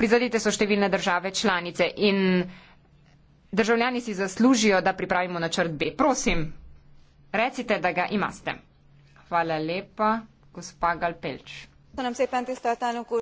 prizadete so številne države članice in državljani si zaslužijo, da pripravimo načrt B. Prosim, recite, da ga imate. Hvala lepa, gospa Galpelč.